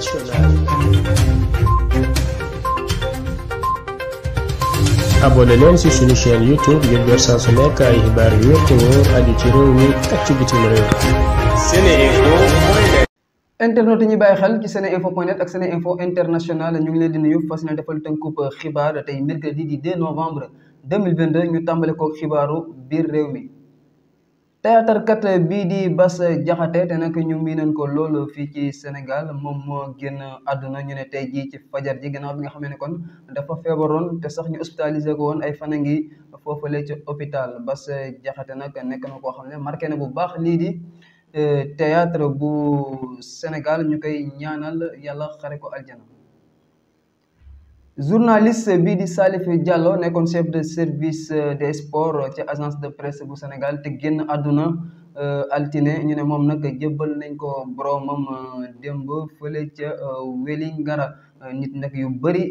internationale. abonné leen ci suñu chaîne youtube ngir jot saa su nekk ay xibaar yu wér te ci réew mi ak ci bitim réew. seneinfo. internet ñi bàyyi xel ci seneinfo.net ak seneinfo international ñu ngi leen di nuyu fas na defal tënkub xibaar tey mercredi di 2 novembre 2022 ñu tàmbali ko xibaaru biir réew mi. théâtre kat bii di Bass Diakhaté te nag ñu miinan ko loolu fii ci Sénégal moom moo génn àdduna ñu ne tey jii ci fajar ji gannaaw bi nga xamee ne kon dafa feebaroon te sax ñu hospitalisé ko woon ay fan a ngi foofale ci hôpital Bass Diakhaté nag nekk na koo xam ne marqué na bu baax lii di eh, théâtre bu Sénégal ñu koy ñaanal yàlla xare ko aljana journaliste bii di Salif Diallo nekkoon chef de service euh, des sports ca agence de presse bu Sénégal te génn àdduna euh, altine ñu ne moom nag jébbal nañ ko mam euh, démb fële ca Wélingara nit nag yu bëri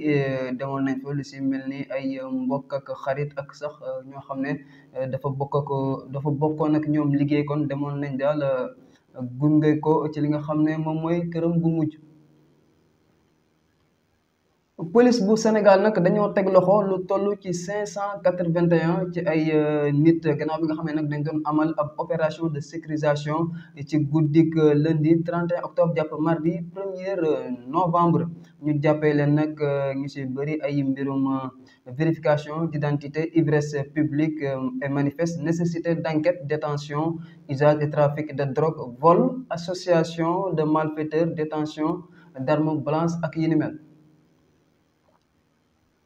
demoon nañ fa lu si mel ni ay mbokk ak xarit ak sax ñoo xam ne dafa bokk dafa bokkoon ak ñoom liggéey kon demoon nañ daal gunge ko ci li nga xam ne moom mooy këram bu mujj. police bu Sénégal nag dañoo teg loxo lu toll ci cinq cent quatre vingt et ci ay euh, nit gannaaw bi nga xam ne nag dañ doon amal ab opération de sécurisation ci guddik euh, lundi 31 octobre jàpp mardi premier euh, novembre ñu jàppee leen nag ñu si bëri ay mbirum vérification d'identité ivresse publique et manifeste nécessité d'enquête détention usage et trafic de drogue vol association de malfaiteurs détention d'armes blanches ak yi ni mel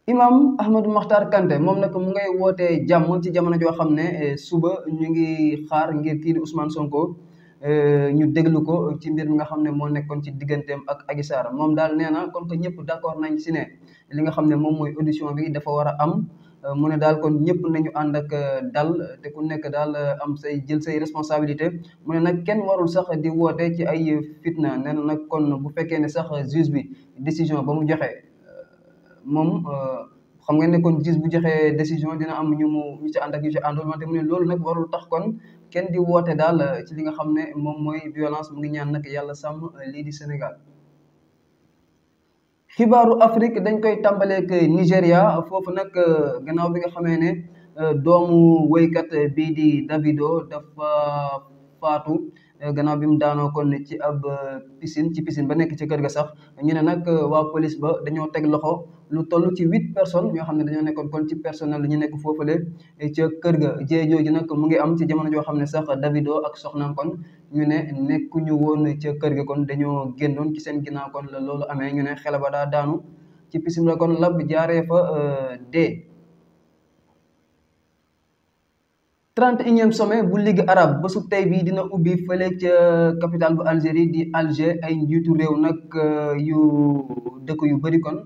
imam Ahmadou Makhtar kante moom nag mu ngay wootee jàmm ci jamono joo xam ne eh, suba ñu ngi xaar ngir kii di Ousmane Sonko eh, ñu déglu ko ci mbir mi nga xam ne moo nekkoon ci digganteem ak Adji moom daal nee na kon que ñëpp d' nañ si ne li nga xam ne moom mooy audition bi dafa war a am eh, mu ne daal kon ñëpp nañu ànd ak dal te ku nekk daal am say jël say responsabilité mu ne nag kenn warul sax di woote ci ay fitna nee na nag kon bu fekkee ne sax juge bi décision ba mu joxe. moom hmm. euh, xam nga ne kon gis bu joxee décision dina am ñu mu ñu ci ànd ak ñu ci mu ne loolu nag warul tax kon kenn di woote daal euh, ci li nga xam ne moom mooy violence mu ngi ñaan nag yàlla sàmm euh, lii di Sénégal. xibaaru Afrique dañ koy tàmbaleeg Nigéria foofu nag gannaaw bi nga xamee ne doomu woykat bii di Davido dafa faatu. gannaaw bi mu daanoo kon ci ab piscine ci piscine ba nekk ci kër ga sax ñu ne nag waa police ba dañoo teg loxo lu toll ci huit personnes ñoo xam ne dañoo nekkoon kon ci personnel ñu nekk foofule eh, ca kër ga jee jooju nag mu ngi am ci jamono joo xam ne sax Davido ak soxnaam kon ñu ne nekku ñu woon ca kër ga kon dañoo génnoon ci seen ginnaaw kon la loolu amee ñu ne xel ba daa daanu ci pisim la kon lab jaaree fa eh, dee. trente unième sommet bu ligue arab ba su tey bii dina ubbi fële ca eh, capitale bu Algérie di Alger ay njiitu réew nag yu dëkk yu bëri kon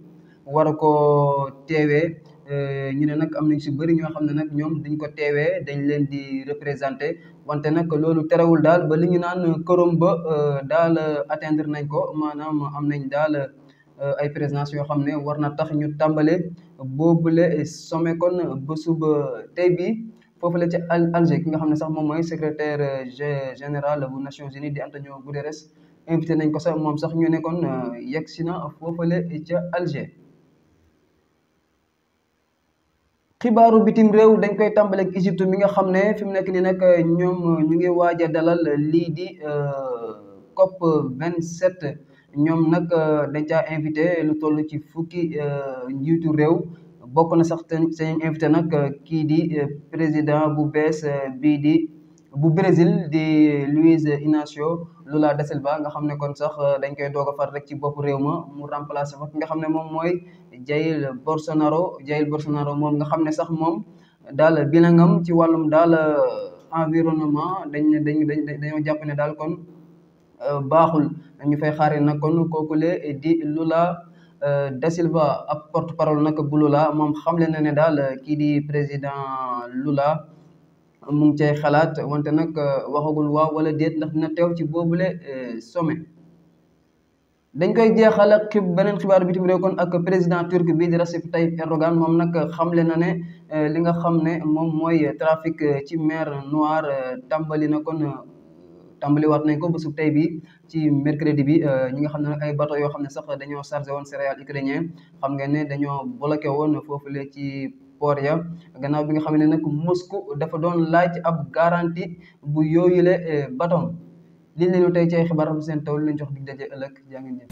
war a koo teewee eh, ñu ne nag am nañ si bëri ñoo xam ne nag ñoom dañ ko teewee dañ leen di représenté wante nag loolu terewul daal ba li ñu naan këram ba eh, daal attendre nañ ko maanaam am nañ daal eh, ay présidence yoo xam ne war na tax ñu tàmbale boobule sommet kon ba ba tey bii foofu la ci Alger ki nga xam ne sax moom mooy secretaire général bu Nations Unies di Antonio Guterres invité nañ ko sax moom sax ñu ne kon yegg si na foofule ca Alger. xibaaru bitim réew dañ koy tàmbaleeg Égypte mi nga xam ne fi mu nekk nii nag euh, ñoom euh, ñu ngi waaj a dalal euh, lii di COP 27 ñoom nag dañ caa invité lu toll ci fukki njiitu réew bokk na sax seen invité nag kii di président bu bees bii di. bu Brésil di Luiz Inácio Lula da Silva nga xam ne kon sax euh, dañ koy doog a far rek ci bopp réew ma mu remplacer fa ki nga xam ne moom mooy Jair Bolsonaro Jair Bolsonaro moom nga xam ne sax moom daal bilangam ci wàllum daal euh, environnement dañ dañ dañ dañoo jàpp ne daal kon euh, baaxul ñu fay xaaree nag kon kookule di Lula da Silva ab porte parole nag bu Lula moom le na ne daal kii di président Lula. mu ce xalaat wante nag euh, waxagul waaw wala déet ndax dina teew ci boobule euh, sommet dañ koy jeexal ak xib beneen xibaar bitim réew kon ak président turc bii di Recep Tayyip Erdogan moom nag xamle na ne euh, li nga xam ne moom mooy trafic ci mer Noire tàmbali na kon tambali tàmbaliwaat nañ ko ba bésub tey bii ci mercredi bi ñi nga xam ne nag ay bato yoo xam ne sax dañoo chargé woon céréales ukrainien xam nga ne dañoo bloqué woon foofu le ci. port ya gannaaw bi nga xam ne nag Moscou dafa doon laaj ab garantie bu yooyule eh, batom li leen tey ci ay xibaar seen taw li leen jox dig daje ëllëg jaa ngeen jëf